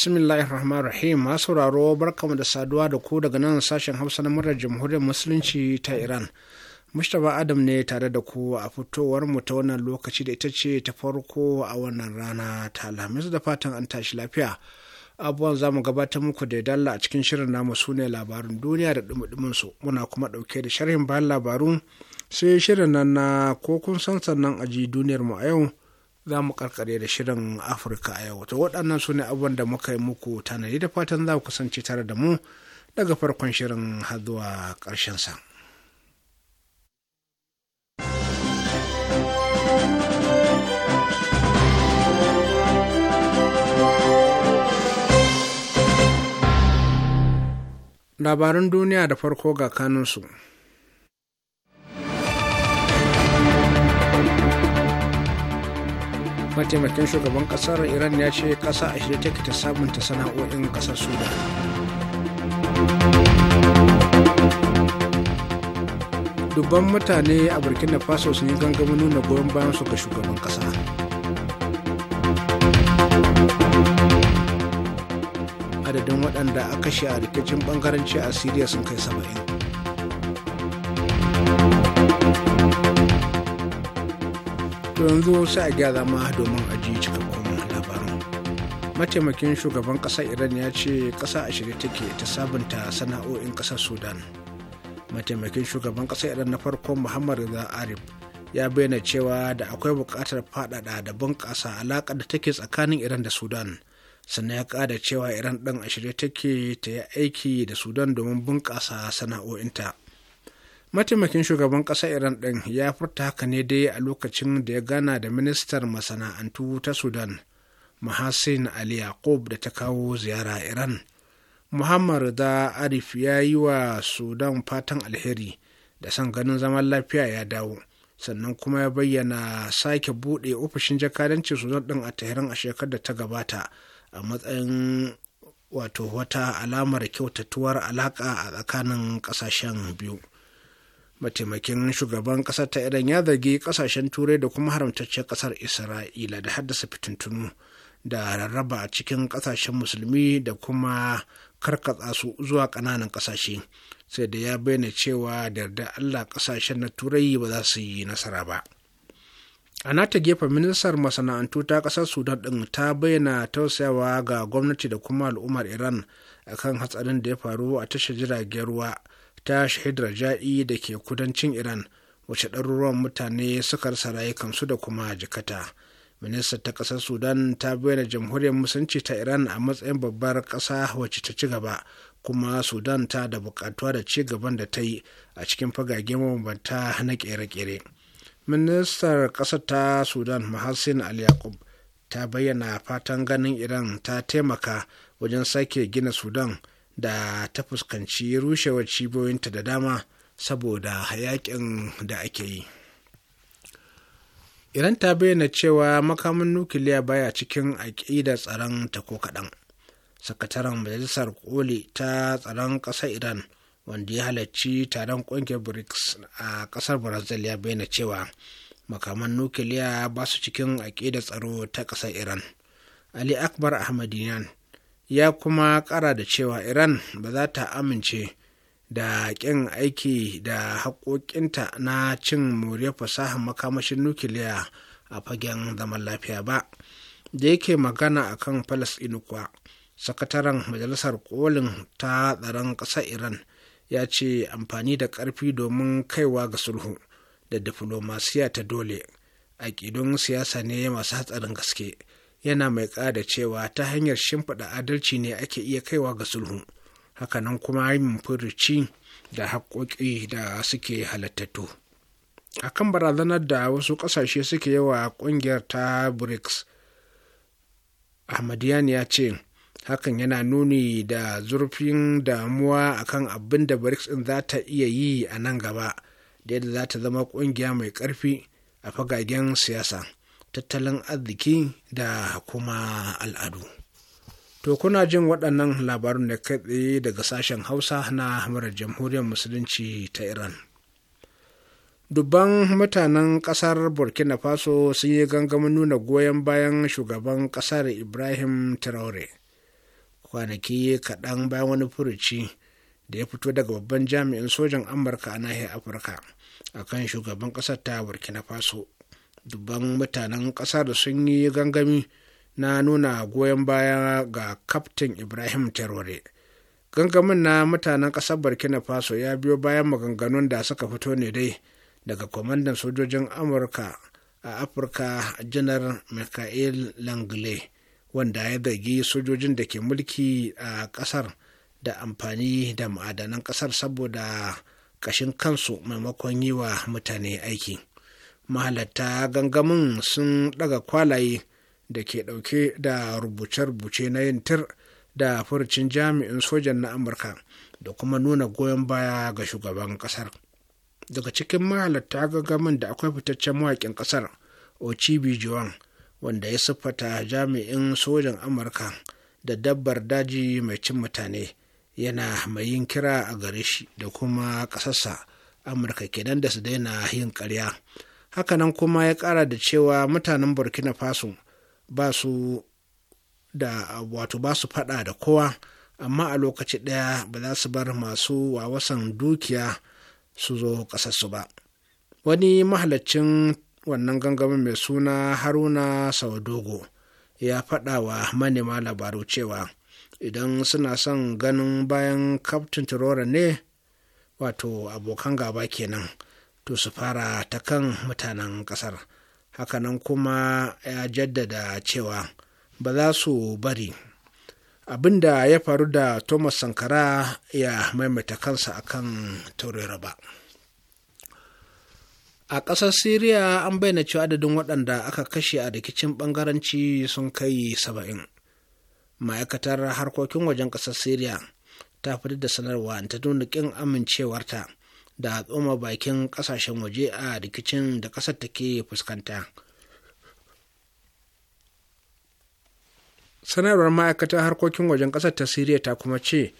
bismillahir rahmanir rahim masu sauraro barkamu da saduwa da ku daga nan sashen hausa na murar jamhuriyar musulunci ta iran mustapha adam ne tare da ku a fitowar mu ta wannan lokaci da ita ce ta farko a wannan rana ta alhamis da fatan an tashi lafiya abubuwan za mu gabatar muku da dalla a cikin shirin namu su ne labarun duniya da dumudumin su muna kuma dauke da sharhin bayan labarun sai shirin nan na ko kun san sannan aji duniyar mu a yau za mu karkare da shirin afirka a yau to waɗannan su ne abubuwan da muka yi muku tanadi da fatan za ku kasance tare da mu daga farkon shirin har zuwa ƙarshen sa. labaran duniya da farko ga kanunsu mataimakin shugaban kasar iran ya ce kasa a ta take ta sabunta sana'o'in kasar sudan dubban mutane a burkina faso sun yi gangamin nuna goyon bayan su ga shugaban kasa adadin waɗanda aka kashe a rikicin bangaranci a siriya sun kai saba'in to yanzu sai a gyara ma domin a ji cikakkun labarin mataimakin shugaban ƙasar iran ya ce ƙasa a shirye take ta sabunta sana'o'in ƙasar sudan mataimakin shugaban ƙasar iran na farkon muhammad reza arif ya bayyana cewa da akwai buƙatar faɗaɗa da bunƙasa alaƙa da take tsakanin iran da sudan sannan ya ƙada cewa iran ɗan a shirye take ta yi aiki da sudan domin bunƙasa sana'o'inta mataimakin shugaban ƙasa iran ɗin ya furta haka ne dai a lokacin da ya gana da ministar masana'antu ta sudan mahasin ali yaqub da ta kawo ziyara iran muhammad da arif ya yi wa sudan fatan alheri da san ganin zaman lafiya ya dawo sannan kuma ya bayyana sake buɗe ofishin jakadancin sudan ɗin a tahiran a shekarar da ta gabata a matsayin wato wata alamar kyautatuwar alaƙa a tsakanin ƙasashen biyu mataimakin shugaban ƙasar ta iran ya zargi ƙasashen turai da kuma haramtaccen ƙasar isra'ila da haddasa fitintunu da rarraba a cikin ƙasashen musulmi da kuma karkatsa su zuwa ƙananan ƙasashe sai da ya bayyana cewa da yarda allah ƙasashen na turai ba za su yi nasara ba a nata gefe ministar masana'antu ta ƙasar sudan ɗin ta bayyana tausayawa ga gwamnati da kuma al'ummar iran akan hatsarin da ya faru a tashar jiragen ruwa ta shahid raja'i da ke kudancin iran wacce ɗaruruwan mutane suka rasa rayukansu da kuma jikata minista ta ƙasar sudan ta bayyana jamhuriyar musulunci ta iran a matsayin babbar ƙasa wacce ta ci gaba kuma sudan ta da buƙatuwa da ci gaban da ta yi a cikin fagage mabambanta na ƙere-ƙere ministar ƙasar ta sudan mahassin al yaqub ta bayyana fatan ganin iran ta taimaka wajen sake gina sudan da ta fuskanci rushewar cibiyoyinta da dama saboda hayakin da ake yi iran ta bayyana cewa makamin nukiliya baya cikin aƙidar tsaron ta ko kaɗan sakataren majalisar koli ta tsaron ƙasar iran wanda ya halarci taron ƙungiyar brics a ƙasar brazil ya bayyana cewa makaman nukiliya ba su cikin aƙidar tsaro ta ƙasar iran ali akbar ahmadiyan ya kuma kara da cewa iran ba za ta amince da ƙin aiki da haƙoƙinta na cin moriyar fasahar makamashin nukiliya a fagen zaman lafiya ba da yake magana a kan falasɗinu kuwa sakataren majalisar kolin ta tsaron ƙasar iran ya ce amfani da ƙarfi domin kaiwa ga sulhu da diflomasiya ta dole aƙidun siyasa ne masu hatsarin gaske yana mai ƙada cewa ta hanyar shimfiɗa adalci ne ake iya kaiwa ga sulhu hakanan kuma yin furuci da haƙoƙi da suke halattattu kan barazanar da wasu ƙasashe suke yawa ƙungiyar ta brics ahmadiyan ya ce hakan yana nuni da zurfin damuwa akan abin da brics ɗin za ta iya yi a nan gaba da yadda za ta zama ƙungiya mai ƙarfi a fagagen siyasa tattalin arziki da kuma al'adu. To kuna jin waɗannan labarun da kai tsaye daga sashen Hausa na murar jamhuriyar Musulunci ta Iran. Dubban mutanen ƙasar Burkina Faso sun yi gangamin nuna goyon bayan shugaban ƙasar Ibrahim Traore. Kwanaki kaɗan bayan wani furuci da ya fito daga babban jami'in sojan Amurka a nahiyar Afirka a kan shugaban ƙasar ta Burkina Faso. dubban mutanen ƙasar sun yi gangami na nuna goyon baya ga kaftin ibrahim terore gangamin na mutanen ƙasar burkina faso ya biyo bayan maganganun da suka fito ne dai daga kwamandan sojojin amurka a afirka janar michael langley wanda ya zargi sojojin da ke mulki a ƙasar da amfani da ma'adanan ƙasar saboda ƙashin kansu maimakon yi wa mutane aiki mahalatta gangamin sun ɗaga kwalaye da ke ɗauke da rubuce-rubuce na yin tir da furcin jami'in sojan na amurka da kuma nuna goyon baya ga shugaban ƙasar daga cikin mahalatta gangamin da akwai fitaccen mawaƙin ƙasar ochibi juan wanda ya siffata jami'in sojan amurka da dabbar daji mai cin mutane yana mai yin kira a gare shi da kuma ƙasarsa amurka kenan da su daina yin karya. hakanan kuma ya ƙara da cewa mutanen burkina faso ba su da wato ba su faɗa da kowa amma a lokaci ɗaya ba za su bar masu wawasan dukiya su zo ƙasarsu ba wani mahalaccin wannan gangamin mai suna haruna saudogo ya faɗa wa manema labaru cewa idan suna son ganin bayan kaftin turora ne wato abokan gaba kenan to su fara ta kan mutanen ƙasar hakanan kuma ya jaddada cewa ba za su bari abin da ya faru da thomas sankara ya maimaita kansa akan taurera ba a ƙasar syria an bayyana cewa adadin waɗanda aka kashe a rikicin ɓangaranci sun kai saba'in ma'aikatar harkokin wajen ƙasar syria ta fitar da sanarwa ta nuna ƙin amincewarta da tsoma bakin kasashen waje a rikicin da ƙasar take fuskanta sanarwar ma'aikatar harkokin wajen ƙasar ta siriya ta kuma ce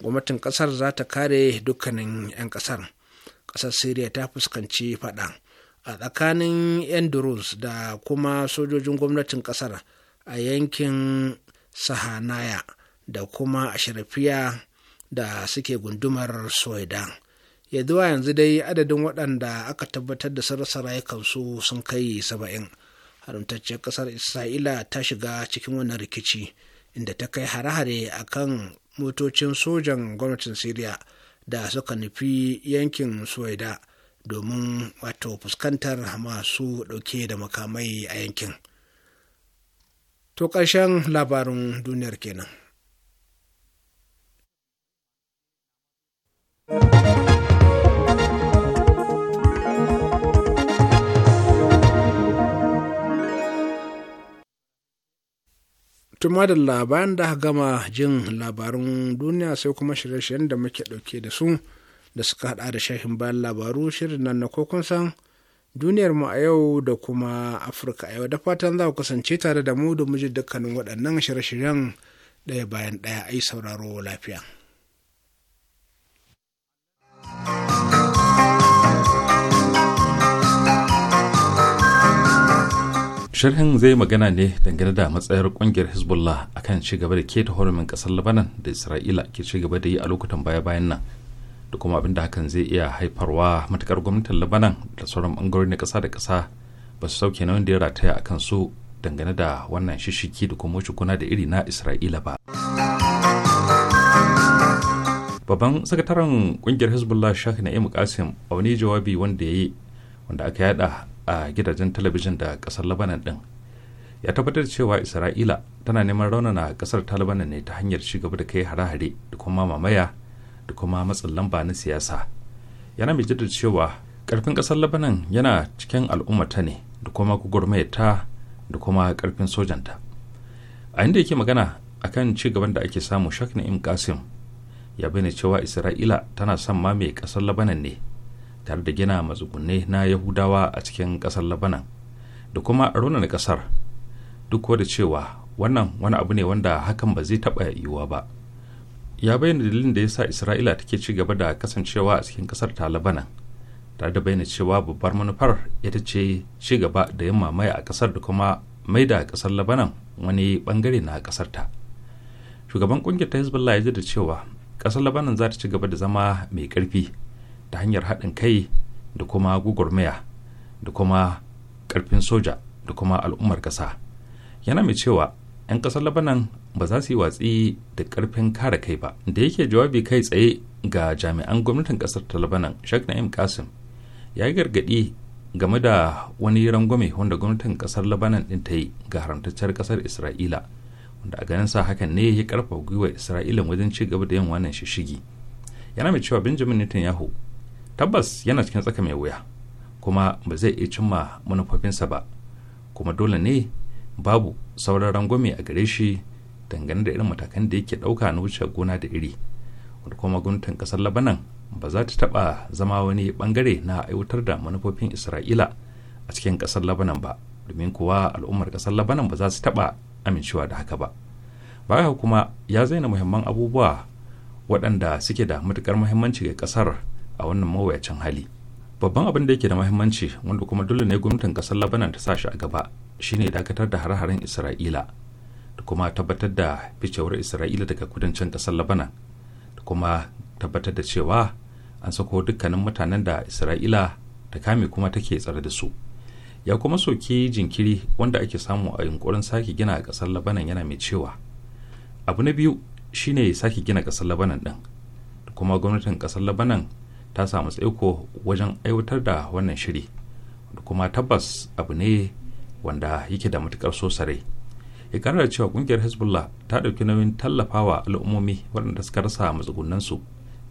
gwamnatin ƙasar za ta kare dukkanin 'yan ƙasar ƙasar siriya ta fuskanci faɗa a tsakanin 'yan durus da kuma sojojin gwamnatin ƙasar a yankin sahanaya da kuma a sharafiya da suke gundumar soidan ya zuwa yanzu dai adadin waɗanda aka tabbatar da sun rayukansu sun kai saba'in haramtacciyar ƙasar isra'ila ta shiga cikin wannan rikici inda ta kai hare-hare a kan motocin sojan gwamnatin syria da suka nufi yankin suwaida domin wato fuskantar masu ɗauke da makamai a yankin to ƙarshen labarin duniyar kenan. Tuma da labaran da gama jin labarun duniya sai kuma shirye-shiryen da muke ɗauke da su da suka hada da shahin bayan labaru shirin nan na kokon san duniyar mu a yau da kuma Afirka a yau da fatan za ku kasance tare da mu domin jin dukkanin waɗannan shirye-shiryen ɗaya bayan ɗaya ai sauraro lafiya. sharhin zai magana ne dangane da matsayar kungiyar hezbollah akan ci gaba da keta horumin kasar labanan da isra'ila ke ci gaba da yi a lokutan baya-bayan nan da kuma abin da hakan zai iya haifarwa matukar gwamnatin labanan da sauran bangarori na kasa da kasa ba su sauke nauyin da ya rataya a kan su dangane da wannan shishiki da kuma kuna da iri na isra'ila ba babban sakataren kungiyar hezbollah shah na'im kasim a wani jawabi wanda ya yi wanda aka yada a gidajen talabijin da kasar labanan din ya tabbatar cewa isra'ila tana neman raunana kasar ta ne ta hanyar ci da kai hare-hare da kuma mamaya da kuma matsin lamba na siyasa yana mai cewa karfin kasar labanan yana cikin al'ummata ne da kuma ta da kuma karfin sojanta a inda yake magana akan ci gaban da ake samu shak na'im kasim ya bayyana cewa isra'ila tana son mamaye kasar labanan ne tare da gina matsugunne na yahudawa a cikin ƙasar labanan da kuma na ƙasar duk da cewa wannan wani abu ne wanda hakan ba zai taɓa yiwuwa ba ya bayyana dalilin da ya sa isra'ila take ci gaba da kasancewa a cikin ƙasar ta labanan tare da bayyana cewa babbar manufar ita ce ci gaba da yin mamaya a ƙasar da kuma mai da ƙasar labanan wani ɓangare na ƙasar ta shugaban ƙungiyar ta hezbollah ya da cewa ƙasar labanan za ta ci gaba da zama mai ƙarfi ta hanyar haɗin kai da kuma gugurmaya da kuma ƙarfin soja da kuma al'ummar ƙasa yana mai cewa 'yan ƙasar labanan ba za su yi watsi da ƙarfin kare kai ba da yake jawabi kai tsaye ga jami'an gwamnatin ƙasar ta labanan shak na'im kasim ya gargaɗi game da wani rangwame wanda gwamnatin ƙasar labanan ɗin ta yi ga haramtacciyar ƙasar isra'ila wanda a ganin sa hakan ne ya karfafa gwiwa isra'ila wajen ci gaba da yin wannan shishigi yana mai cewa benjamin netanyahu tabbas yana cikin tsaka mai wuya kuma ba zai iya cimma manufofinsa ba kuma dole ne babu sauran rangwame a gare shi dangane da irin matakan da yake ɗauka na wuce gona da iri wanda kuma gwamnatin ƙasar labanan ba za ta taɓa zama wani bangare na aiwatar da manufofin isra'ila a cikin ƙasar labanan ba domin kuwa al'ummar ƙasar labanan ba za su taɓa amincewa da haka ba baya kuma ya zaina muhimman abubuwa waɗanda suke da matukar muhimmanci ga ƙasar a wannan mawuyacin hali babban abin da yake da mahimmanci wanda kuma dole ne gwamnatin kasar labanan ta sa shi a gaba shine dakatar da hare isra'ila da kuma tabbatar da ficewar isra'ila daga kudancin kasar labanan da kuma tabbatar da cewa an sako dukkanin mutanen da isra'ila ta kame kuma take tsare da su ya kuma soke jinkiri wanda ake samu a yunkurin sake gina a kasar labanan yana mai cewa abu na biyu shine sake gina kasar labanan din da kuma gwamnatin kasar labanan ta samu tsaiko wajen aiwatar da wannan shiri da kuma tabbas abu ne wanda yake da matukar so sarai ya da cewa kungiyar hezbollah ta ɗauki nauyin tallafawa al'ummomi waɗanda suka rasa matsugunansu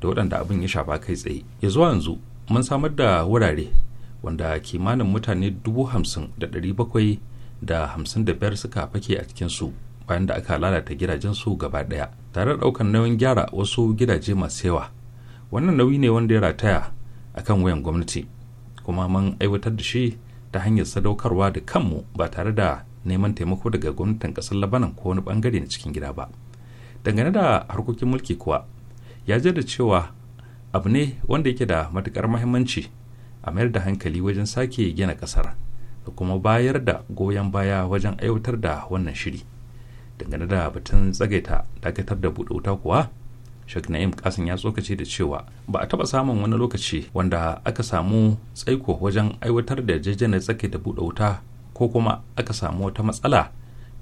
da waɗanda abin ya shafa kai tsaye ya zuwa yanzu mun samar da wurare wanda kimanin mutane dubu hamsin da ɗari bakwai da hamsin da biyar suka fake a cikinsu bayan da aka lalata gidajensu gaba ɗaya tare da ɗaukar nauyin gyara wasu gidaje masu yawa wannan nauyi ne wanda ya rataya a kan wayan gwamnati kuma mun aiwatar da shi ta hanyar sadaukarwa da kanmu ba tare da neman taimako daga gwamnatin kasar labanan ko wani bangare na cikin gida ba dangane da harkokin mulki kuwa ya da cewa abu ne wanda yake da matukar muhimmanci a mayar da hankali wajen sake gina kasar da kuma bayar da goyon baya wajen aiwatar da wannan shiri dangane da batun tsagaita dakatar da buɗe wuta kuwa Sheikh Na'im Kasim ya tsokace da cewa ba a taba samun wani lokaci wanda aka samu tsaiko wajen aiwatar da yarjejeniyar tsaki da buɗe wuta ko kuma aka samu wata matsala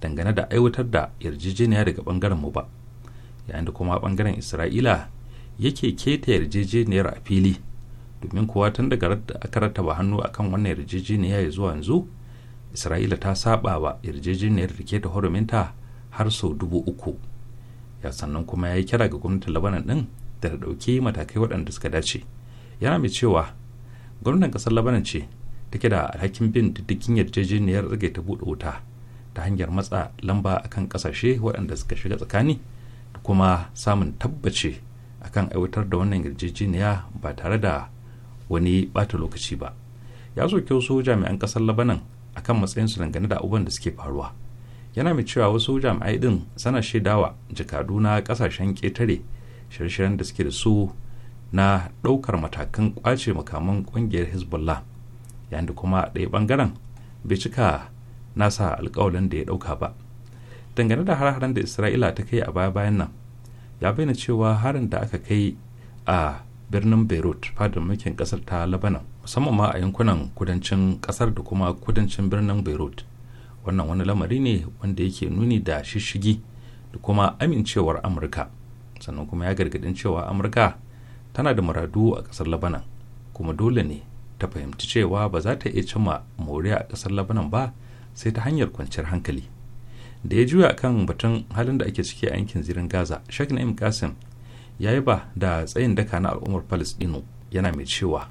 dangane da aiwatar da yarjejeniya daga bangaren mu ba. Yayin da kuma bangaren Isra'ila yake keta yarjejeniyar a fili domin kuwa tun daga da aka rattaba hannu akan wannan yarjejeniya ya zuwa yanzu Isra'ila ta saba wa yarjejeniyar da ke ta huruminta har sau dubu uku. ya sannan kuma ya yi kira ga gwamnatin labanan din da ta ɗauki matakai waɗanda suka dace yana mai cewa gwamnatin kasar labanan ce take da alhakin bin diddigin yarjejeniyar rage ta buɗe wuta ta hanyar matsa lamba akan kasashe waɗanda suka shiga tsakani da kuma samun tabbace akan aiwatar da wannan yarjejeniya ba tare da wani bata lokaci ba ya soke wasu jami'an ƙasar labanan akan matsayinsu dangane da abubuwan da suke faruwa yana mai cewa wasu jami'ai din sana shaidawa jakadu na kasashen ƙetare shirye-shiryen da suke da su na ɗaukar matakan ƙwace makaman ƙungiyar hezbollah yayin da kuma ɗaya ɓangaren bai cika nasa alkawalin da ya ɗauka ba dangane da har-haren da isra'ila ta kai a baya-bayan nan ya bayyana cewa harin da aka kai a birnin beirut fadin mulkin kasar ta labanan musamman ma a yankunan kudancin kasar da kuma kudancin birnin beirut wannan wani lamari ne wanda yake nuni da shishigi da kuma amincewar amurka sannan kuma ya gargadin cewa amurka tana da muradu a ƙasar labanan kuma dole ne ta fahimci cewa ba za ta iya cimma moriya a kasar labanan ba sai ta hanyar kwanciyar hankali da ya juya kan batun halin da ake ciki a yankin zirin gaza na na'im kasim ya yi ba da tsayin daka na al'ummar dinu yana mai cewa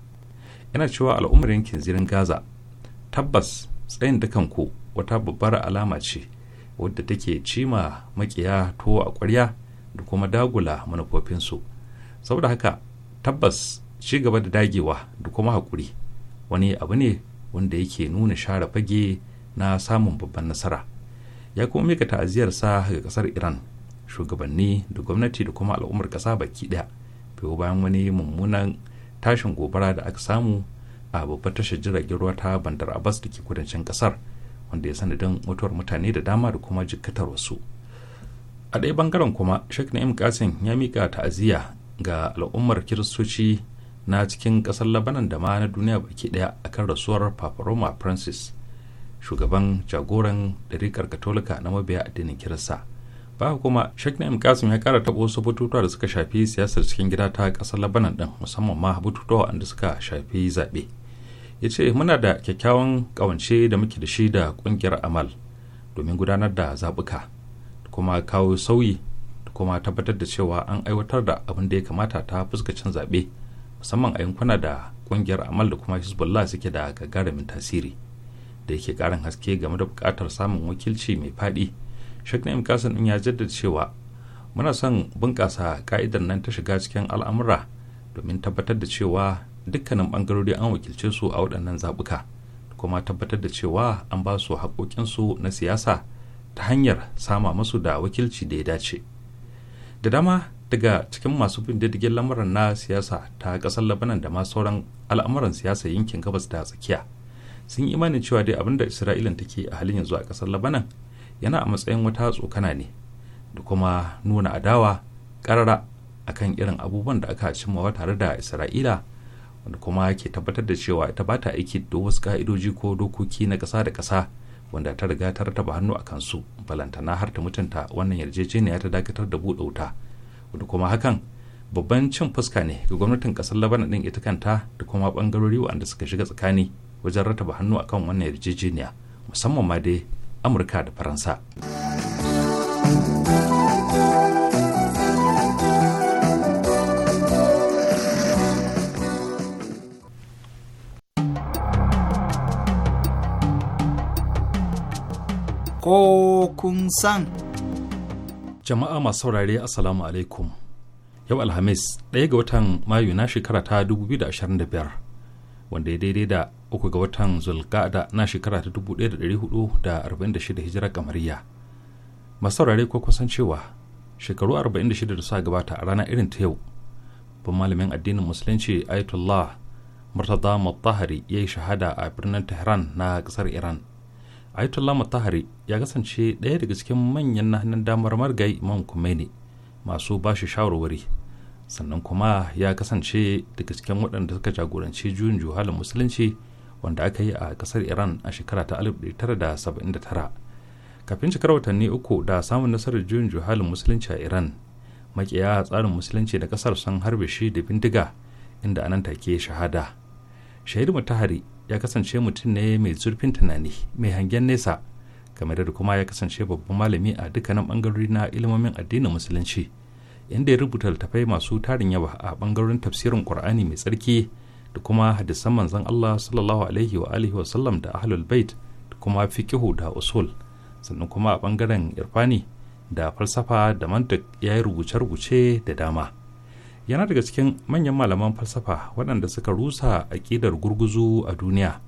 yana cewa al'ummar yankin zirin gaza tabbas tsayin dakan ku wata babbar alama ce wadda take cima makiya tuwo a ƙwarya da kuma dagula manufofinsu saboda haka tabbas ci gaba da dagewa da kuma haƙuri wani abu ne wanda yake nuna share fage na samun babban nasara ya kuma mika ta'aziyarsa ga kasar iran shugabanni da gwamnati da kuma al'ummar ƙasa baki ɗaya fiye bayan wani mummunan tashin gobara da aka samu a babbar tashar jiragen ruwa ta bandar abbas da ke kudancin ƙasar wanda ya sanadin mutuwar mutane da dama da kuma jikkatar wasu a ɗaya bangaren kuma sheikh na'im imkasin ya mika ta'aziyya ga al'ummar kiristoci na cikin ƙasar labanan da ma na duniya baki ɗaya akan rasuwar paparoma francis shugaban jagoran ɗarikar katolika na mabiya addinin kirista ba kuma shek na'im kasim ya kara taɓo wasu bututuwa da suka shafi siyasar cikin gida ta ƙasar labanan ɗin musamman ma bututuwa wanda suka shafi zaɓe ya ce muna da kyakkyawan kawance da muke da shi da ƙungiyar amal domin gudanar da zaɓuka da kuma kawo sauyi da kuma tabbatar da cewa an aiwatar da abin da ya kamata ta fuskacin zaɓe musamman a yankuna da ƙungiyar amal da kuma hezbollah suke da gagarumin tasiri da yake ƙarin haske game da buƙatar samun wakilci mai faɗi shek na'im kasan ya jaddada cewa muna son bunƙasa ka'idar nan ta shiga cikin al'amura domin tabbatar da cewa dukkanin bangarori an wakilce su a waɗannan zaɓuka kuma tabbatar da cewa an ba su haƙoƙinsu na siyasa ta hanyar sama masu da wakilci da ya dace da dama daga cikin masu bin diddigin lamuran na siyasa ta ƙasar labanan da ma sauran al'amuran siyasa yankin gabas da tsakiya sun yi imanin cewa dai abin da isra'ila take a halin yanzu a ƙasar labanan yana a matsayin wata tsokana ne da kuma nuna adawa ƙarara akan irin abubuwan da aka cimmawa tare da isra'ila wanda kuma ke tabbatar da cewa ita ba ta aiki da wasu ka'idoji ko dokoki na ƙasa da ƙasa wanda ta riga ta rataba hannu a kansu balantana har ta mutunta wannan yarjejeniya ta dakatar da buɗe wuta wanda kuma hakan babban cin fuska ne ga gwamnatin ƙasar labanan ɗin ita kanta da kuma ɓangarori waɗanda suka shiga tsakani wajen rataba hannu akan wannan yarjejeniya musamman ma dai amurka da faransa. ko kun san. Jama'a masu saurare Assalamu alaikum. Yau Alhamis ɗaya ga watan Mayu na shekara ta 2025 wanda ya daidai da uku ga watan Zulgada na shekara ta 1446 hijira kamariya. Masu saurare ko kusan cewa shekaru 46 da suka gabata a rana irin ta yau. Ban malamin addinin Musulunci Ayatollah Murtaza Mutahari ya yi shahada a birnin Tehran na ƙasar Iran. ayatollah mutahari ya kasance ɗaya daga cikin manyan na damar margayi imam Khomeini masu ba shi shawarwari sannan kuma ya kasance daga cikin waɗanda suka jagoranci juyin juhalin musulunci wanda aka yi a ƙasar iran a shekara ta 1979 kafin shekarar watanni uku da samun nasarar juyin juhalin musulunci a iran makiya tsarin musulunci da ƙasar sun harbe shi da bindiga inda anan take shahada shahidu mutahari ya kasance mutum ne mai zurfin tunani mai hangen nesa kamar da kuma ya kasance babban malami a dukkanin bangarori na ilimomin addinin musulunci inda ya rubuta littattafai masu tarin yawa a bangaren tafsirin qur'ani mai tsarki da kuma hadisan manzon Allah sallallahu alaihi wa alihi wa sallam da ahlul bait da kuma fiqihu da usul sannan kuma a bangaren irfani da falsafa da mantak ya yi rubuce-rubuce da dama. yana daga cikin manyan malaman falsafa waɗanda suka rusa aƙidar gurguzu a duniya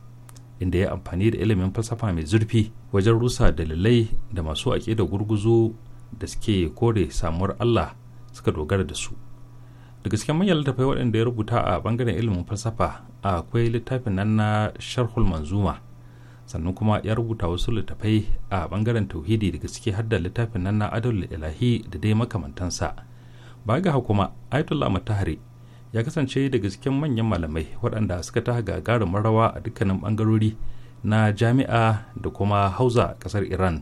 inda ya amfani da ilimin falsafa mai zurfi wajen rusa dalilai da masu aƙidar gurguzu da suke kore samuwar Allah suka dogara da su daga cikin manyan littafai waɗanda ya rubuta a ɓangaren ilimin falsafa akwai littafin nan na sharhul manzuma sannan kuma ya rubuta wasu littafai a bangaren tauhidi daga ciki har da littafin nan na adalul ilahi da dai makamantansa ba ga kuma ayatollah mutahari ya kasance daga cikin manyan malamai waɗanda suka ta gagarin marawa a dukkanin ɓangarori na jami'a da kuma hauza ƙasar iran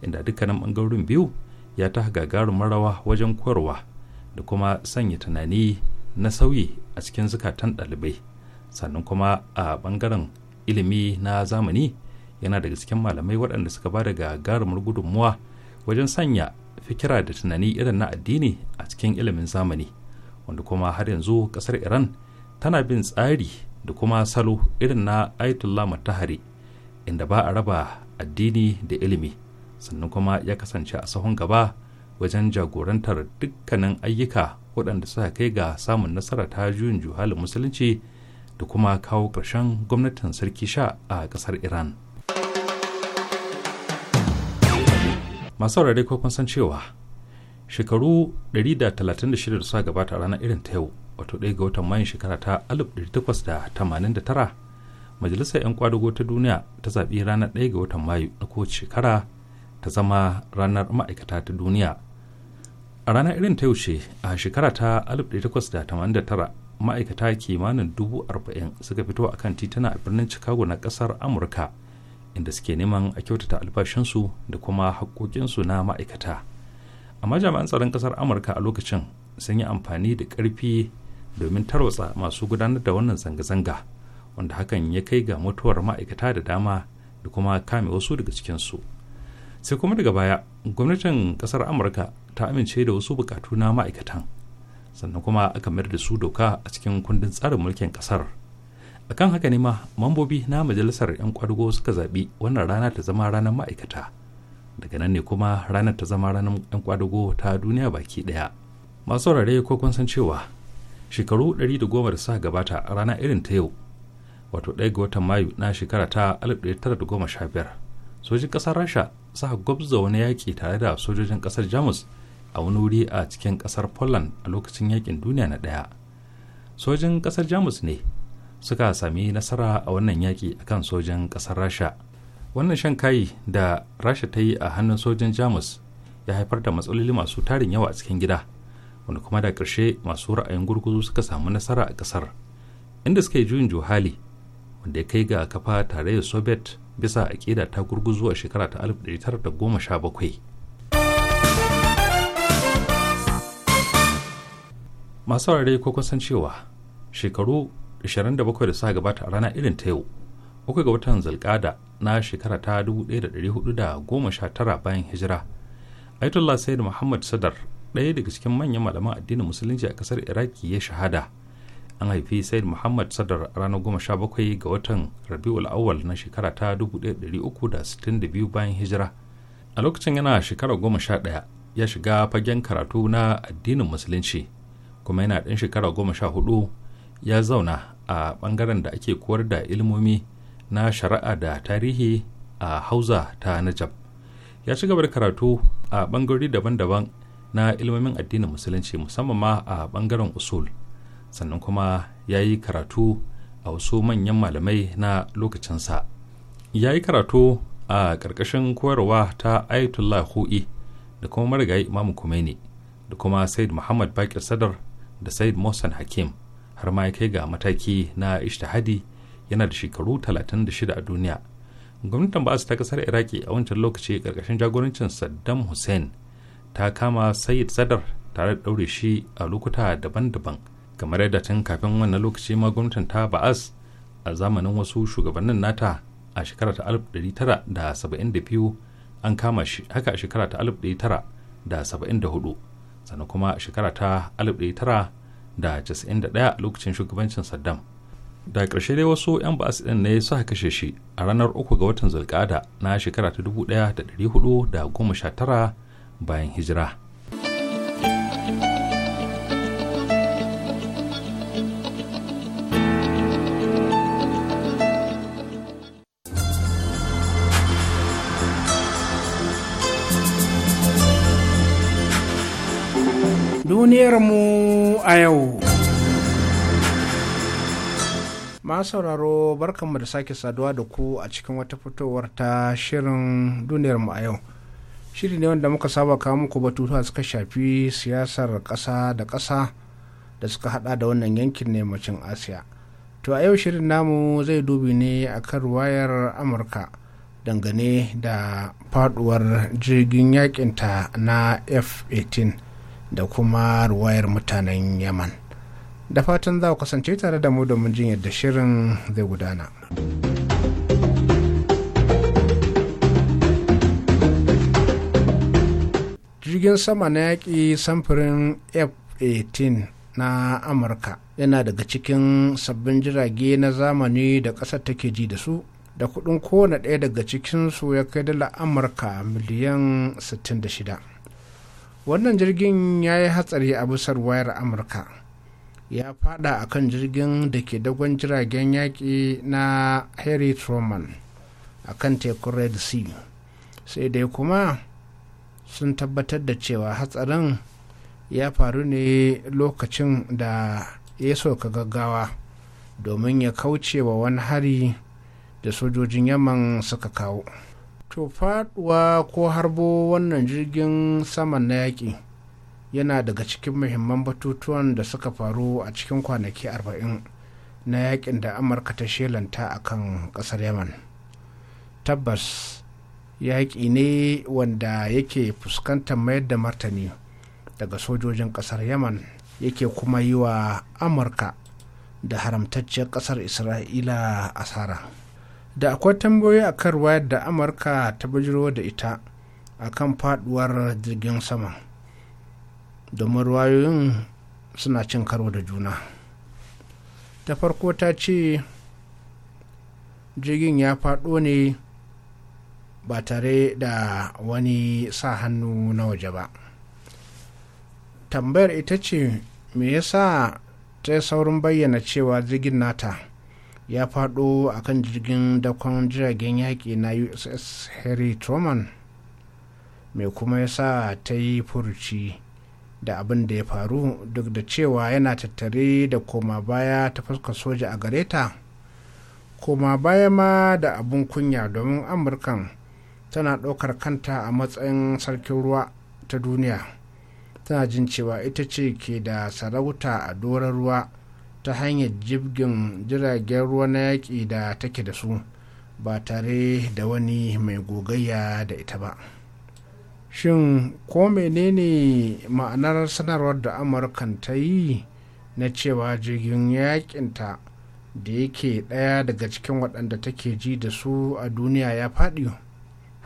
inda dukkanin ɓangarorin biyu ya ta gagarin marawa wajen koyarwa da kuma sanya tunani na sauyi a cikin zukatan ɗalibai sannan kuma a ɓangaren ilimi na zamani yana daga cikin malamai waɗanda suka ba da gagarumar gudunmuwa wajen sanya fikira da tunani irin na addini a cikin ilimin zamani wanda kuma har yanzu kasar iran tana bin tsari da kuma salo irin na aitullah matahari inda ba a raba addini da ilimi sannan kuma ya kasance a sahun gaba wajen jagorantar dukkanin ayyuka waɗanda suka kai ga samun nasara ta juyin juhalin musulunci da kuma kawo ƙarshen gwamnatin sarki sha a ƙasar iran masu saurare ko kun san cewa shekaru 136 da suka gabata a ranar irin ta yau wato ɗaya ga watan mayun shekara ta 1889 majalisar 'yan kwadago ta duniya ta zaɓi ranar ɗaya ga watan mayu na kowace shekara ta zama ranar ma'aikata ta duniya a ranar irin ta yau ce a shekara ta 1889 ma'aikata kimanin dubu arba'in suka fito a kan tituna a birnin chicago na ƙasar amurka inda suke neman a kyautata albashinsu da kuma haƙoƙinsu na ma'aikata amma jami'an tsaron ƙasar amurka a lokacin sun yi amfani da ƙarfi domin tarwatsa masu gudanar da wannan zanga-zanga wanda hakan ya kai ga mutuwar ma'aikata da dama da kuma kame wasu daga cikinsu sai kuma daga baya gwamnatin ƙasar amurka ta amince da wasu bukatu na ma'aikatan sannan kuma aka mayar da su doka a cikin kundin tsarin mulkin ƙasar akan haka ne ma mambobi na majalisar 'yan kwadugo suka zaɓi wannan rana ta zama ranar ma'aikata daga nan ne kuma ranar ta zama ranar 'yan kwadugo ta duniya baki ɗaya masu rare ko kun san cewa shekaru 110 da suka gabata a rana irin ta yau wato ɗaya ga watan mayu na shekara ta 1915 sojin ƙasar rasha suka gwabza wani yaki tare da sojojin ƙasar jamus a wani wuri a cikin ƙasar poland a lokacin yakin duniya na ɗaya sojin ƙasar jamus ne suka sami nasara a wannan yaƙi akan sojan ƙasar rasha wannan shan kayi da rasha ta yi a hannun sojan jamus ya haifar da matsaloli masu tarin yawa a cikin gida wanda kuma da ƙarshe masu ra'ayin gurguzu suka samu nasara a ƙasar inda suka yi juyin juhali wanda ya kai ga kafa tarayyar soviet bisa aƙida ta gurguzu a shekara ta 1917 masu rarrai ko kusan cewa shekaru 27 da suka gabata a rana irin ta yau uku ga watan zalkada na shekara ta 1419 bayan hijira Ayatollah Sayyid Muhammad Sadar ɗaya daga cikin manyan malaman addinin musulunci a kasar Iraki ya shahada an haifi Sayyid Muhammad Sadar a ranar 17 ga watan Rabiul awal na shekara ta 1362 bayan hijira a lokacin yana shekara 11 ya shiga fagen karatu na addinin musulunci kuma yana ɗan shekara goma sha hudu. ya zauna a ɓangaren da ake koyar da ilmomi na shari'a da tarihi a hauza ta najab ya ci gaba da karatu a ɓangarori daban-daban na ilmomin addinin musulunci musamman ma a ɓangaren usul sannan kuma ya yi karatu a wasu manyan malamai na lokacinsa ya yi karatu a ƙarƙashin koyarwa ta ayatollah hu'i da kuma marigayi imamu kumaini da kuma said muhammad bakir sadar da said mohsen hakim har ma ya kai ga mataki na ishtihadi yana da shekaru 36 a duniya gwamnatin ba'as ta kasar iraki a wancan lokaci karkashin jagorancin saddam hussein ta kama sayyid sadar tare da ɗaure shi a lokuta daban-daban kamar yadda tun kafin wannan lokaci ma gwamnatin ta ba'as a zamanin wasu shugabannin nata a shekara ta 1972 an kama shi haka a shekara ta 1974 sannan kuma a shekara ta 1900 da 91 a lokacin shugabancin saddam da ƙarshe dai wasu 'yan ba'as ɗin ne suka kashe shi a ranar uku ga watan zulkada na shekara ta da 1419 bayan hijira mu a yau. sauraro barkanmu da sake saduwa da ku a cikin wata fitowar ta shirin duniyarmu a yau. Shiri ne wanda muka saba kawo muku batutuwa suka shafi siyasar ƙasa da ƙasa da suka hada da wannan yankin nemacin Asiya. To a yau shirin namu zai dubi ne a kan wayar Amurka dangane da faduwar jirgin yakinta na F-18. da kuma ruwayar mutanen yaman da fatan za ku kasance tare da mu domin jin yadda shirin zai gudana. jirgin sama na yaƙi samfurin f-18 na amurka yana daga cikin sabbin jirage na zamani da ƙasar take ji da su da kuɗin kowane ɗaya daga cikinsu ya kai dala amurka miliyan 66 wannan jirgin ya yi hatsari a busar wayar amurka ya fada a kan jirgin da ke dagon jiragen yaƙi na harry truman a kan tekun red sea sai dai kuma sun tabbatar da cewa hatsarin ya faru ne lokacin da ya soka gaggawa domin ya kauce wa wani hari da sojojin yaman suka kawo to faduwa ko harbo wannan jirgin saman na yaƙi yana daga cikin muhimman batutuwan da suka faru a cikin kwanaki 40 na yakin da amurka ta shelanta a kan ƙasar yaman tabbas yaƙi ne wanda yake fuskantar mayar da martani daga sojojin ƙasar yaman yake kuma yi wa amurka da haramtacciyar ƙasar isra'ila asara da akwai tambayoyi a kan ruwayar da amurka ta bajiro da ita a kan faduwar jirgin sama domin ruwayoyin suna cin karo da juna ta farko ta ce jirgin ya faɗo ne ba tare da wani sa hannu na waje ba tambayar ita ce me yasa ta saurin bayyana cewa jirgin nata ya faɗo a kan jirgin dakon jiragen yaƙi na uss harry truman mai kuma ya sa ta yi furuci da abin da ya faru duk da cewa yana tattare da koma baya ta fuskar soja a gare ta koma baya ma da abin kunya domin amurkan tana ɗaukar kanta a matsayin sarkin ruwa ta duniya tana jin cewa ita ce ke da sarauta a doron ruwa ta hanyar jibgin jiragen ruwa na yaƙi da take da su ba tare da wani mai gogayya da ita ba shin ko menene ma'anar sanarwar da amurkan ta yi na cewa jirgin yaƙinta da yake ɗaya daga cikin waɗanda take ji da su a duniya ya faɗi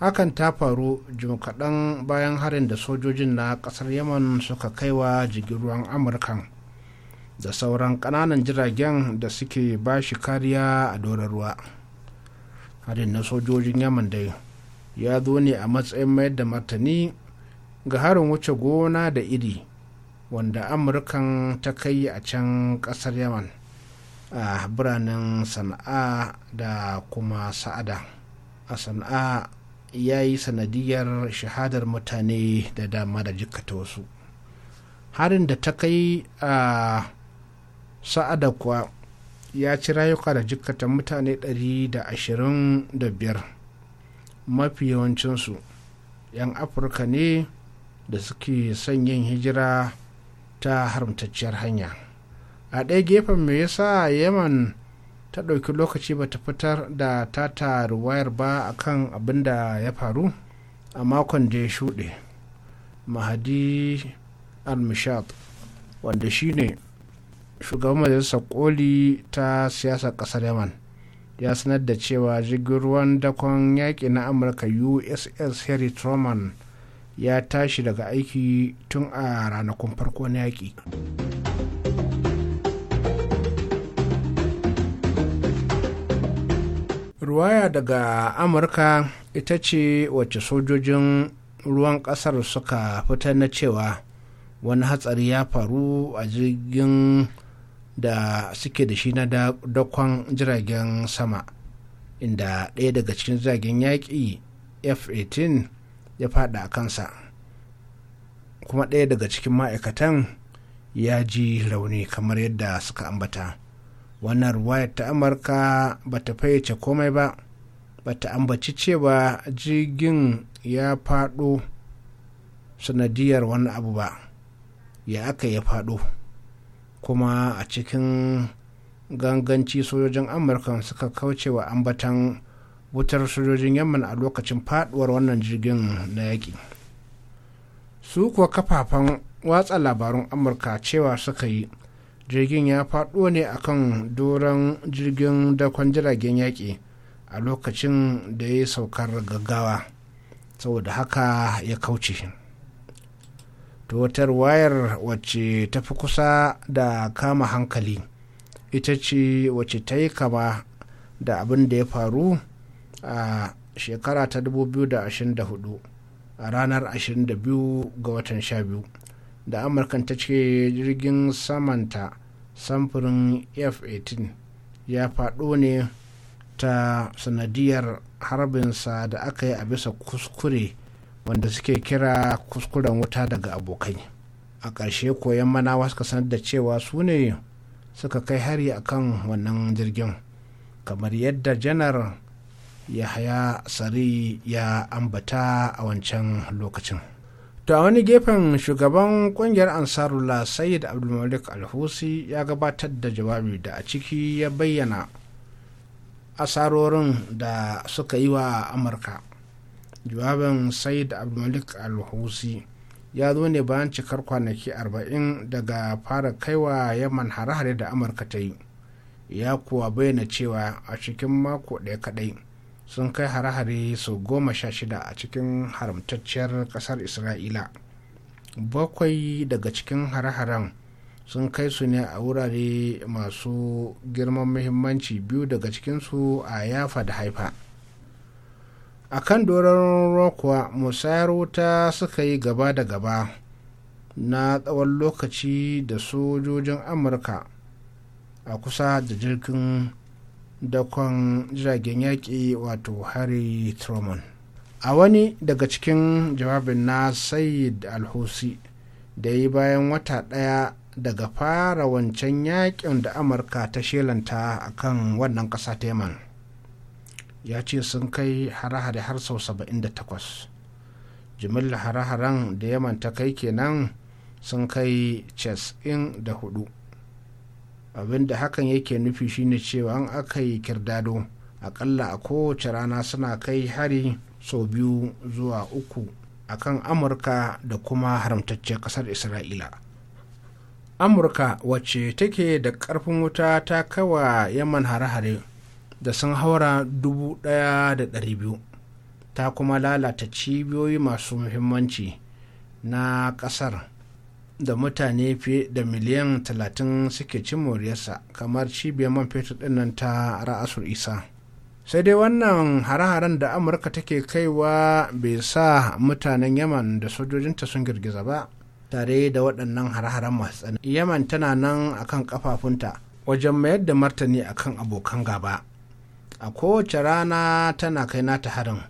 hakan ta faru jim kaɗan bayan harin da sojojin na ƙasar yaman suka kaiwa jirgin ruwan amurkan da sauran ƙananan jiragen da suke ba shi kariya a doron ruwa harin na sojojin yaman dai ya zo ne a matsayin mayar da martani ga harin wuce gona da iri wanda amurkan ta kai a can ƙasar yaman a biranen sana'a da kuma sa'ada a sana'a ya yi sanadiyar shahadar mutane da dama da jikata wasu harin da ta kai a sa'ada kuwa ya ci rayuka da jikkata mutane 125 mafi yawancinsu 'yan afirka ne da suke son yin hijira ta haramtacciyar hanya a ɗaya gefen mai yasa yaman ta ɗauki lokaci ba ta fitar da tata wayar ba akan abin da ya faru a makon da ya shuɗe mahadi al-mishab wanda shine ne shugaban majalisar koli ta siyasar kasar yaman ya sanar da cewa jirgin ruwan dakon yaƙi na amurka uss harry truman ya tashi daga aiki tun a ranakun farko na yaƙi ruwaya daga amurka ita ce wacce sojojin ruwan kasar suka fitar na cewa wani hatsari ya faru a jirgin da suke da shi na dakon jiragen sama inda ɗaya daga cikin jiragen yaƙi f-18 ya faɗa a kansa kuma ɗaya daga cikin ma'aikatan ya ji rauni kamar yadda suka ambata wannan ruwayar ta amurka ba ta fayyace komai ba ba ta ambaci cewa jirgin ya faɗo sanadiyar wani abu ba ya aka ya faɗo kuma a cikin ganganci sojojin amurka suka kauce wa ambatan wutar sojojin yamman a lokacin faduwar wannan jirgin na yaƙi su kuwa kafafen watsa labarun amurka cewa suka yi jirgin ya faɗo ne akan doron jirgin dakon jiragen yaƙi a lokacin da ya saukar gaggawa saboda haka ya kauce ta watar wayar wacce ta fi kusa da kama hankali ita ce wacce ta yi kama da abin da ya faru a shekara ta 2024 a ranar 22 ga watan 12 da amurkan ta ce jirgin samanta samfurin f-18 ya faɗo ne ta sanadiyar harbinsa da aka yi a bisa kuskure wanda suke kira kuskuren wuta daga abokai a ƙarshe koyan manawa suka sanar da cewa su ne suka kai hari a kan wannan jirgin kamar yadda janar haya sari ya ambata a wancan lokacin to a wani gefen shugaban kungiyar ansarula sayyid abdulmalik alhusi ya gabatar da jawabi da a ciki ya bayyana asarorin da suka yi wa amurka jawabin said abdulmalik alhusi ya zo ne bayan cikar kwanaki 40 daga fara kaiwa yaman hare-hare da amurka ta yi ya kuwa bayyana cewa a cikin mako ɗaya kaɗai sun kai hare-hare sau goma sha shida a cikin haramtacciyar ƙasar isra'ila bakwai daga cikin hare-haren sun kai su ne a wurare masu girman muhimmanci biyu daga cikinsu a yafa da haifa a kan doron musayar wuta suka yi gaba da gaba na tsawon lokaci da sojojin amurka a kusa da jirgin dakon jiragen yaƙi wato harry truman a wani daga cikin jawabin na sayid alhusi da yi bayan wata ɗaya daga fara wancan yaƙin da amurka ta shelanta a kan wannan ƙasa ta yaman. ya ce sun kai hare-hare har sau 78 jimillar hare-haren da yaman ta kai kenan sun kai in da hudu abinda hakan yake nufi shine cewa an aka yi kirdado akalla a kowace rana suna kai hari sau biyu zuwa uku a kan amurka da kuma haramtacciyar kasar isra'ila amurka wacce take da karfin wuta ta kawa yaman hare-hare da sun haura dubu da biyu, ta kuma lalata cibiyoyi masu muhimmanci na ƙasar da mutane fiye da miliyan talatin suke cin moriyarsa kamar cibiyar man fetur dinnan ta ra'asul isa sai dai wannan hare-haren da amurka take kaiwa bai sa mutanen yaman da sojojinta sun girgiza ba tare da waɗannan hare-haren masu yaman tana nan akan kafafunta wajen mayar da martani akan abokan gaba a kowace rana tana kai nata harin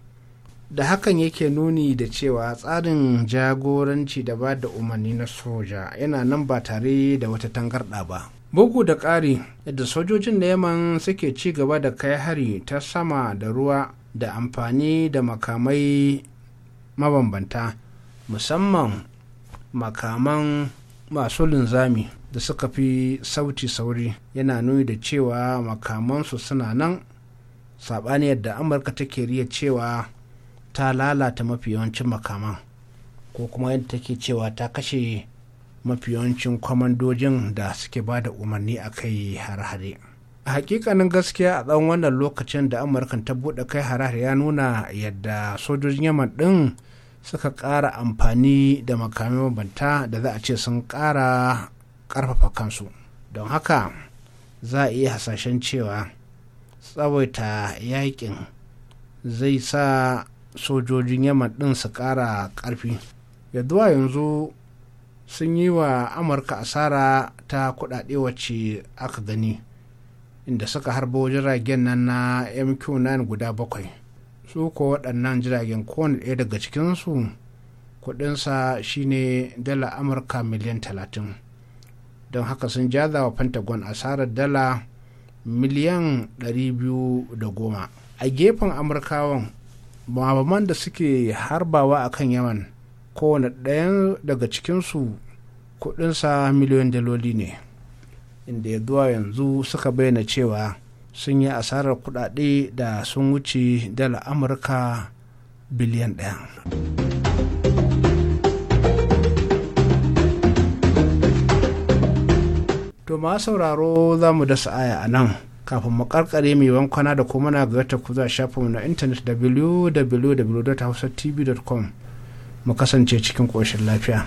da hakan yake nuni da cewa tsarin jagoranci da ba da umarni na soja yana nan ba tare da wata tangarɗa ba bugu da ƙari yadda sojojin da yaman suke ci gaba da kai hari ta sama da ruwa da amfani da makamai mabambanta musamman makaman masu linzami da suka fi sauti sauri yana nuni da cewa makamansu suna nan saɓani yadda amurka take riya cewa ta lalata mafi yawancin makaman ko kuma yadda take cewa ta kashe mafi yawancin kwamandojin da suke ba da umarni a kai har-hare a hakikanin gaskiya a tsawon wannan lokacin da amurka ta buɗe kai har ya nuna yadda sojojin yaman ɗin suka ƙara amfani da makamai mabanta da za a ce sun ƙara ƙarfafa kansu don haka za a iya hasashen cewa tsawaita yakin zai sa sojojin yaman ɗin su ƙara ƙarfi yadda yanzu sun yi wa amurka asara ta kuɗaɗe wacce aka gani inda suka harba jiragen nan na mq9 guda bakwai su ko waɗannan jiragen kowane ɗaya daga cikinsu Kuɗinsa shine dala amurka miliyan talatin don haka sun jaza wa pentagon asarar dala miliyan 210 a gefen amurkawan mabaman da suke harbawa a kan yaman kowane ɗaya daga cikinsu kudinsa miliyan daloli ne inda ya zuwa yanzu suka bayyana cewa sun yi asarar kudade da sun wuce dala amurka biliyan ɗaya. to ma sauraro za mu dasa aya a nan kafin mu karkare mai wankwana da kuma na ga ku shafin shafinmu na intanet www.hausatv.com mu kasance cikin koshin lafiya.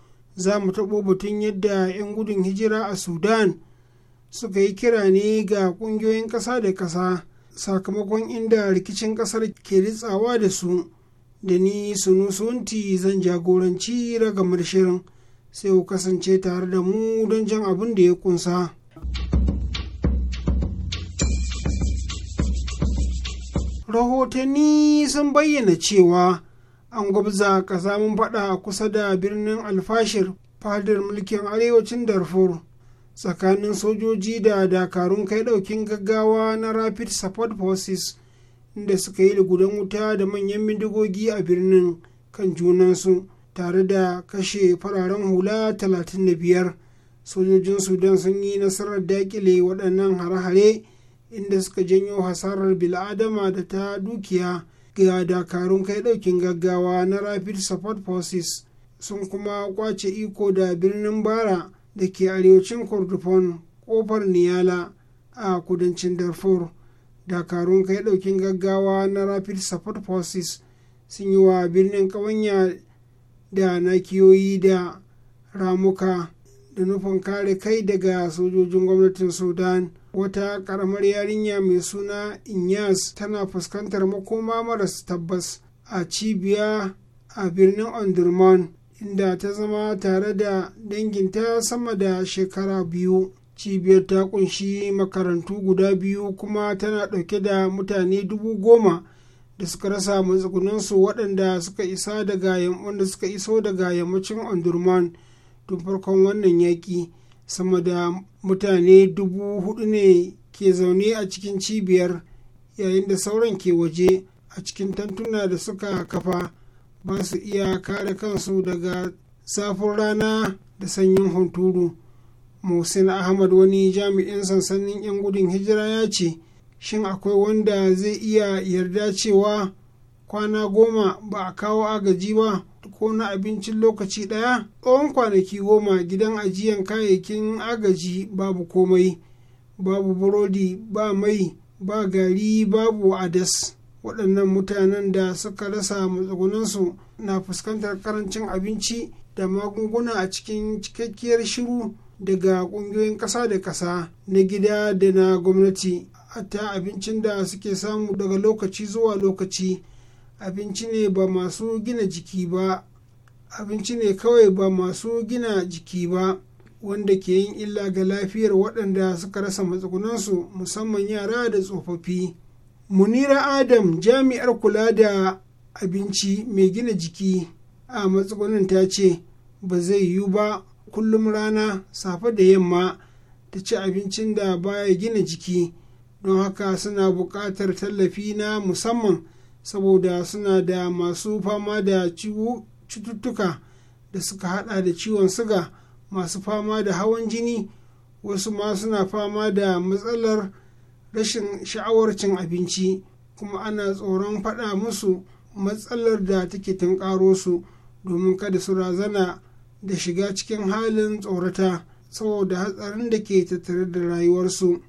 za mu taɓo batun yadda 'yan gudun hijira a sudan suka yi kira ne ga ƙungiyoyin ƙasa da ƙasa sakamakon inda rikicin ƙasar ke ritsawa da su da ni sunti zan jagoranci ragamar shirin sai ku kasance tare da mu don jan abin da ya kunsa. rahotanni sun bayyana cewa an gwabza kazamin faɗa kusa da birnin alfashir fadar mulkin arewacin darfur tsakanin sojoji da dakarun kai ɗaukin gaggawa na rapid support forces inda suka yi gudan wuta da manyan bindigogi a birnin kan junansu tare da kashe fararen hula 35 sojojin sudan sun yi nasarar dakile waɗannan hare-hare inda suka janyo hasarar bil'adama da ta dukiya ga dakarun kai ɗaukin gaggawa na rapid support forces sun kuma kwace iko da birnin bara da ke arewacin kordofon kofar niyala a kudancin darfur dakarun kai ɗaukin gaggawa na rapid support forces sun yi wa birnin kawanya da nakiyoyi da ramuka da nufin kare kai daga sojojin gwamnatin sudan wata karamar yarinya mai suna inyas tana fuskantar makoma maras tabbas a cibiya a birnin ondurman inda ta zama tare da danginta sama da shekara biyu cibiyar ta kunshi makarantu guda biyu kuma tana ɗauke da mutane dubu goma da suka rasa matsugunansu waɗanda suka isa daga wanda suka iso daga yammacin ondurman tun farkon wannan yaƙi sama da mutane dubu hudu ne ke zaune a cikin cibiyar yayin da sauran ke waje a cikin tantuna da suka kafa ba su iya kare kansu daga safin rana da sanyin hunturu musin ahmad wani jami'in sansanin 'yan gudun hijira ya ce shin akwai wanda zai iya yarda cewa kwana goma ba a kawo agaji ba ko na abincin lokaci ɗaya tsawon kwanaki goma gidan ajiyan kayayyakin agaji babu komai babu burodi ba mai ba gari babu adas waɗannan mutanen da suka rasa matsugunansu na fuskantar karancin abinci da magunguna a cikin cikakkiyar shiru daga ƙungiyoyin ƙasa da ƙasa na gida da na gwamnati hatta abincin da suke samu daga lokaci zuwa lokaci abinci ne ba masu gina jiki ba abinci ne kawai ba masu gina jiki ba wanda ke yin illa ga lafiyar waɗanda suka rasa matsugunansu musamman yara da tsofaffi munira adam jami'ar kula da abinci mai gina jiki a matsugunin ta ce ba zai yiwu ba kullum rana safe da yamma ta ci abincin da baya gina jiki don haka suna buƙatar tallafi na musamman saboda suna da masu fama da cututtuka da suka hada da ciwon suga masu fama da hawan jini wasu ma suna fama da matsalar rashin sha'awar cin abinci kuma ana tsoron faɗa musu matsalar da take tunkaro su domin kada su razana da shiga cikin halin tsorata saboda hatsarin da ke tattare da rayuwarsu.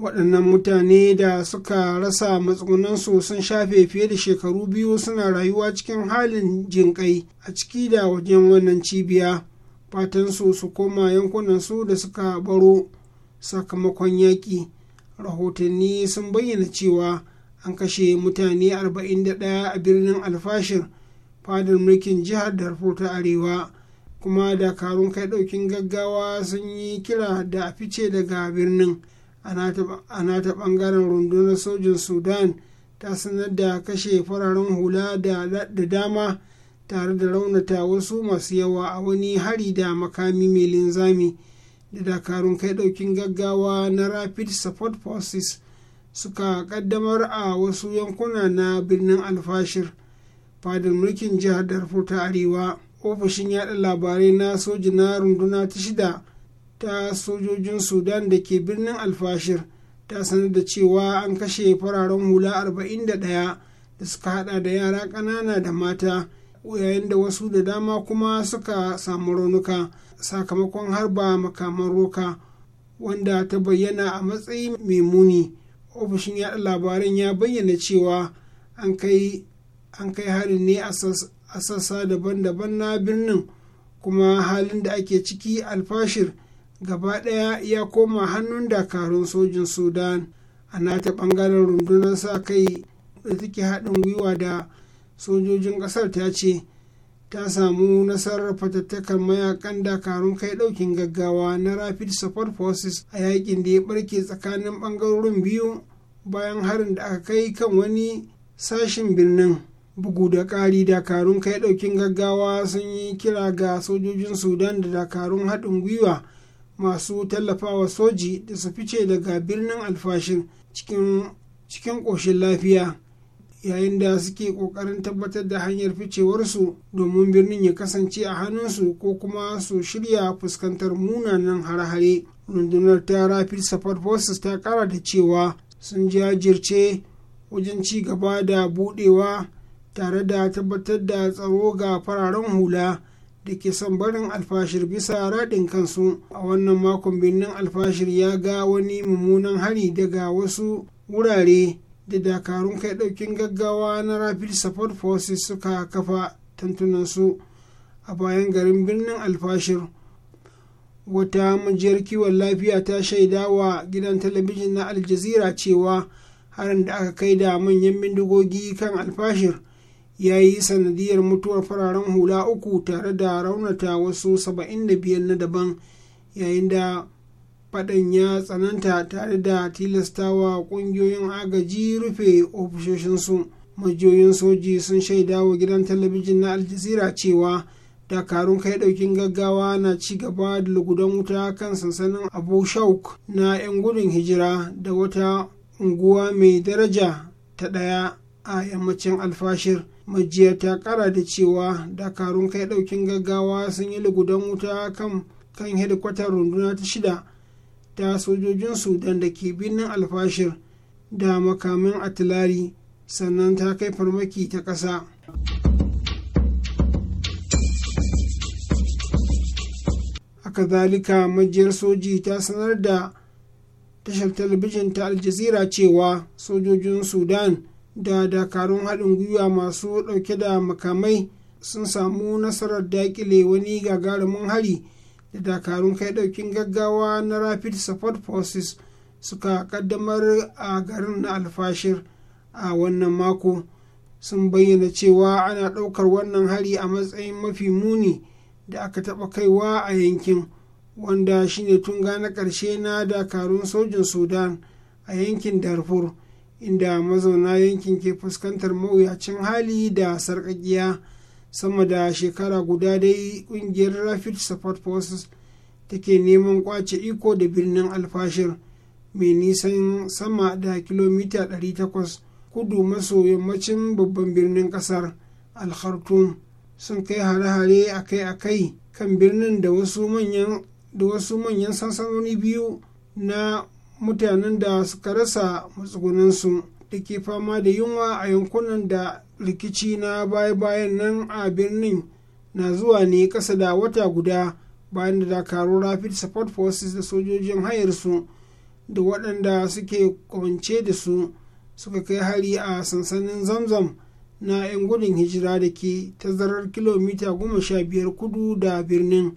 waɗannan mutane da suka rasa matsugunansu sun shafe fiye da shekaru biyu suna rayuwa cikin halin jinƙai a ciki da wajen wannan cibiya fatansu su koma yankunansu da suka baro sakamakon yaƙi rahotanni sun bayyana cewa an kashe mutane 41 a birnin alfashir fadar mulkin jihar darfur ta arewa kuma dakarun kai ɗaukin gaggawa sun yi kira da a fice daga birnin. a nata bangaren rundunar sojin sudan ta sanar da kashe fararen hula da dama tare da raunata wasu masu yawa a wani hari da makami mai linzami da dakarun kai daukin gaggawa na rapid support forces suka kaddamar a wasu yankuna na birnin alfashir fadar mulkin jihar darfur ta arewa ofishin yada labarai na sojin na runduna ta shida ta sojojin sudan da ke birnin alfashir ta sanar da cewa an kashe fararen hula 41 da suka hada da yara ƙanana da mata yayin da wasu da dama kuma suka samu raunuka sakamakon harba makaman roka wanda ta bayyana a matsayi mai muni ofishin yada labaran ya bayyana cewa an kai harin ne a sassa daban-daban na birnin kuma halin da ake ciki alfashir gaba ɗaya ya koma hannun dakarun sojin sudan a nata ɓangaren rundunar sa kai da take haɗin gwiwa da sojojin ƙasar ta ce ta samu nasarar fatattakar mayakan dakarun kai ɗaukin gaggawa na rapid support forces a yakin da ya ɓarke tsakanin ɓangarorin biyu bayan harin da aka kai kan wani sashen birnin bugu da ƙari dakarun kai ɗaukin gaggawa sun yi kira ga sojojin sudan da dakarun haɗin gwiwa masu tallafawa soji da su fice daga birnin alfashin cikin ƙoshin lafiya yayin da suke ƙoƙarin tabbatar da hanyar ficewarsu domin birnin ya kasance a hannunsu ko kuma su shirya fuskantar munanan hare rundunar ta rapid support forces ta ƙara da cewa sun jajirce wajen ci gaba da budewa tare da tabbatar da tsaro ga fararen hula da ke son barin alfashir bisa raɗin kansu a wannan makon birnin alfashir ya ga wani mummunan hari daga wasu wurare da dakarun kai ɗaukin gaggawa na rapid support forces suka kafa tantunansu a bayan garin birnin alfashir wata majiyar kiwon lafiya ta shaida wa gidan talabijin na aljazira cewa harin da aka kai da manyan bindigogi kan alfashir ya yi sanadiyar mutuwar fararen hula uku tare da raunata wasu 75 na daban yayin da faɗan ya tsananta tare da tilastawa ƙungiyoyin agaji rufe ofishoshinsu majiyoyin soji sun shaida wa gidan talabijin na aljazira cewa dakarun kai daukin gaggawa na ci gaba da lugudan wuta kan sansanin abu shauk na 'yan gudun hijira da wata unguwa mai daraja ta ɗaya a yammacin alfashir majiya ta kara da cewa dakarun kai daukin gaggawa sun yi lugudan wuta kan kan hedikwatar runduna ta shida ta sojojin sudan da ke birnin alfashir da makamin atilari sannan ta kai farmaki ta ƙasa. haka zalika majiyar soji ta sanar da tashar talabijin ta aljazira cewa sojojin sudan da dakarun haɗin gwiwa masu ɗauke da makamai sun samu nasarar daƙile wani gagarumin hari da dakarun kai ɗaukin gaggawa na rapid support forces suka ƙaddamar a garin na alfashir a wannan mako sun bayyana cewa ana ɗaukar wannan hari a matsayin mafi muni da aka taɓa kaiwa a yankin wanda shine tunga na ƙarshe na dakarun sojin sudan a yankin darfur inda mazauna yankin ke fuskantar mawuyacin hali da sarkakiya sama da shekara guda dai kungiyar rapid support forces take neman kwace iko da birnin alfashir mai nisan sama da kilomita 800 kudu maso yammacin babban birnin kasar al sun kai hare-hare akai-akai kan birnin da wasu manyan sansanoni biyu na mutanen da suka rasa matsugunansu da ke fama da yunwa a yankunan da rikici na baya-bayan nan a birnin na zuwa ne kasa da wata guda bayan da dakarun rapid support forces da sojojin hayarsu da waɗanda suke kwance da su suka kai hari a sansanin zamzam na 'yan gudun hijira da ke tazarar kilomita 15 kudu da birnin.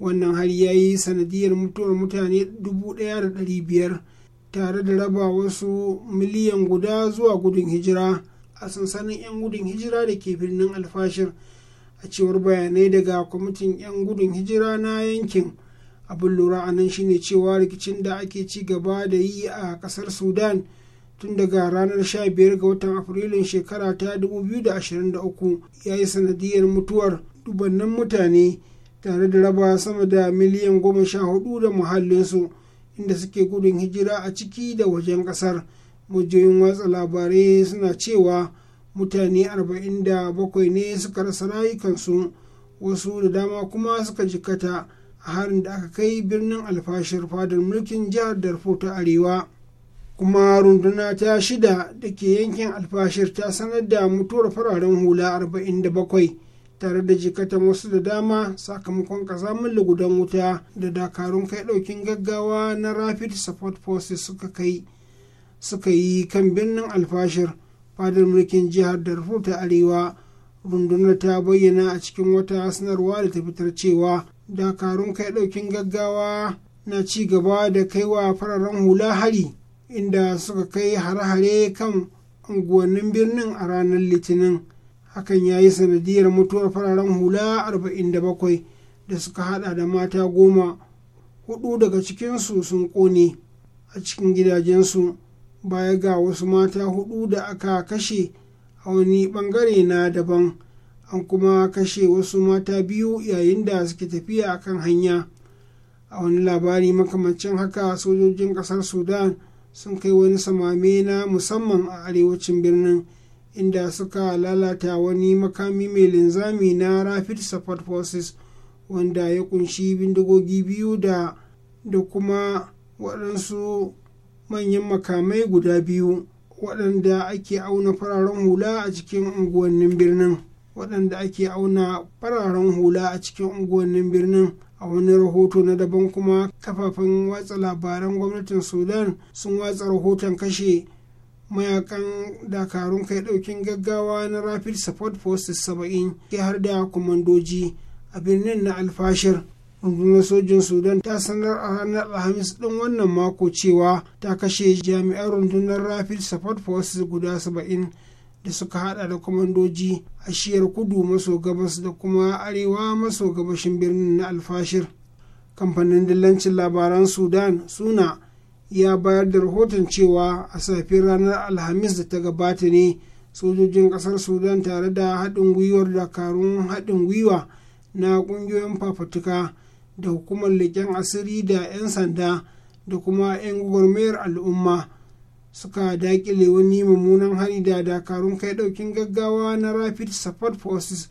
wannan har ya yi sanadiyar mutuwar mutane 1,500 tare da raba wasu miliyan guda zuwa gudun hijira a sansanin 'yan gudun hijira da ke birnin alfashir a cewar bayanai daga kwamitin 'yan gudun hijira na yankin abin lura a nan shine cewa rikicin da ake ci gaba da yi a kasar sudan tun daga ranar 15 ga watan afrilun shekara ta 2023 ya yi sanadiyar mutuwar dubannin mutane tare da raba sama da miliyan goma sha hudu da muhallinsu inda suke gudun hijira a ciki da wajen kasar mujiyoyin watsa labarai suna cewa mutane arba'in da bakwai ne suka rasa rayukansu wasu da dama kuma suka jikata a harin da aka kai birnin alfashir fadar mulkin jihar darfur ta arewa kuma runduna ta shida da ke yankin alfashir ta sanar da mutuwar fararen hula arba'in da bakwai. tare da jikatan wasu da dama sakamakon kazamin lugudan wuta da dakarun kai daukin gaggawa na rapid support forces suka suka yi kan birnin alfashir fadar mulkin jihar darfur ta arewa rundunar ta bayyana a cikin wata sanarwa da ta fitar cewa dakarun kai daukin gaggawa na ci gaba da kaiwa fararen hula hari inda suka kai hare-hare kan unguwannin birnin a ranar litinin hakan ya yi sanadiyar mutuwar fararen hula 47 da suka hada da mata goma hudu daga cikinsu sun kone a cikin gidajensu baya ga wasu mata hudu da aka kashe a wani bangare na daban an kuma kashe wasu mata biyu yayin da suke tafiya a kan hanya a wani labari makamancin haka sojojin kasar sudan sun kai wani samame na musamman a arewacin birnin inda suka lalata wani makami mai linzami na rapid support forces wanda ya kunshi bindigogi biyu da da kuma waɗansu manyan makamai guda biyu waɗanda ake auna fararen hula a cikin unguwannin birnin waɗanda ake auna fararen hula a cikin unguwannin birnin a wani rahoto na daban kuma kafafen watsa labaran gwamnatin sudan sun watsa rahoton kashe mayakan dakarun kai daukin gaggawa na rapid support forces 70 ke har da kwamandoji a birnin na alfashir rundunar sojin sudan ta sanar a ranar alhamis ɗin wannan mako cewa ta kashe jami'an rundunar rapid support forces guda 70 da suka hada da kwamandoji a shiyar kudu maso gabas da kuma arewa maso gabashin birnin na alfashir kamfanin dillancin labaran sudan suna ya bayar da rahoton cewa a safiyar ranar alhamis da ta gabata ne sojojin kasar sudan tare da haɗin gwiwar dakarun haɗin gwiwa na ƙungiyoyin fafatuka da hukumar leƙen asiri da 'yan sanda da kuma 'yan gwagwarmayar al'umma suka daƙile wani mummunan hari da dakarun kai ɗaukin gaggawa na rapid support forces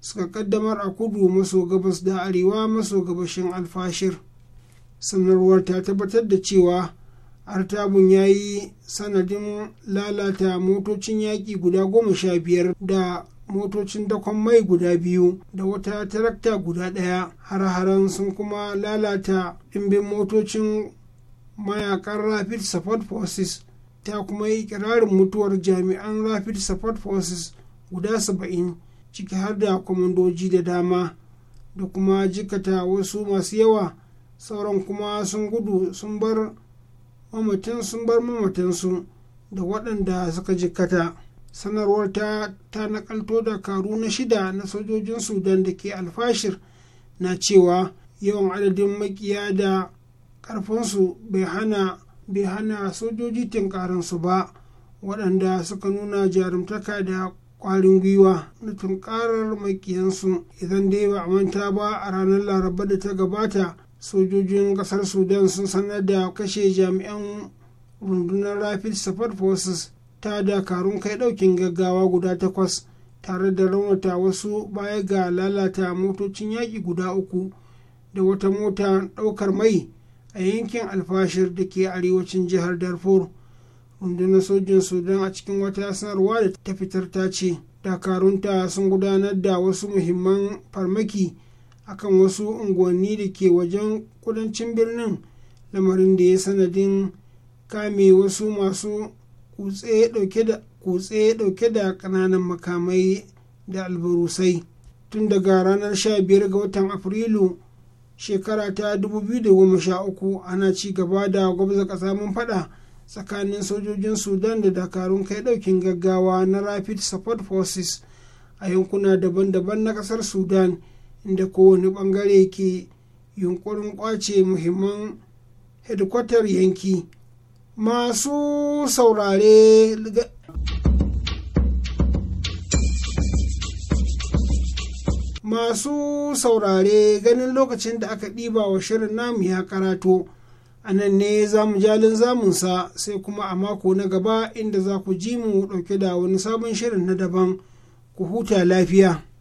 suka ƙaddamar a kudu maso gabas da arewa maso gabashin alfashir sanarwar ta tabbatar da cewa artabun ya yi sanadin lalata motocin yaƙi guda goma sha biyar da motocin dakon mai guda biyu da wata tarakta guda ɗaya har-haren sun kuma lalata ɗimbin motocin mayakan rapid support forces ta kuma yi kirarin mutuwar jami'an rapid support forces guda saba'in ciki har da kwamandoji da dama da kuma jikata wasu masu yawa sauran kuma sun gudu sun bar mamatin sun bar mamatansu da waɗanda suka jikata sanarwar ta ta nakalto karu na shida na sojojin sudan da ke alfashir na cewa yawan adadin makiya da ƙarfinsu bai hana bai hana sojoji tunkaransu ba waɗanda suka nuna jarumtaka da ƙwarin gwiwa na tunkarar makiyansu idan dai ba a manta ba a ranar laraba da ta gabata sojojin kasar sudan sun sanar da kashe jami'an rundunar rapid support forces ta dakarun kai daukin gaggawa guda takwas tare da raunata wasu baya ga lalata motocin yaƙi guda uku da wata mota ɗaukar mai a yankin alfashir da ke arewacin jihar darfur rundunar sojin sudan a cikin wata sanarwa da ta fitar ta ce dakarunta sun gudanar da wasu muhimman farmaki akan wasu unguwanni da ke wajen kudancin birnin lamarin da ya sanadin kame wasu masu kutse dauke da kananan makamai da albarusai tun daga ranar 15 ga watan afrilu shekara ta 2013 ana ci gaba da gwamza kasamin fada tsakanin sojojin sudan da dakarun kai daukin gaggawa na rapid support forces a yankuna daban-daban na kasar sudan inda kowane ɓangare ke yunkurin ƙwace muhimman hedkwatar yanki masu saurare masu saurare ganin lokacin da aka ɗiba wa shirin namu ya karato a nan ne za mu jalin zamunsa sai kuma a mako na gaba inda za ku ji mu ɗauke da wani sabon shirin na daban ku huta lafiya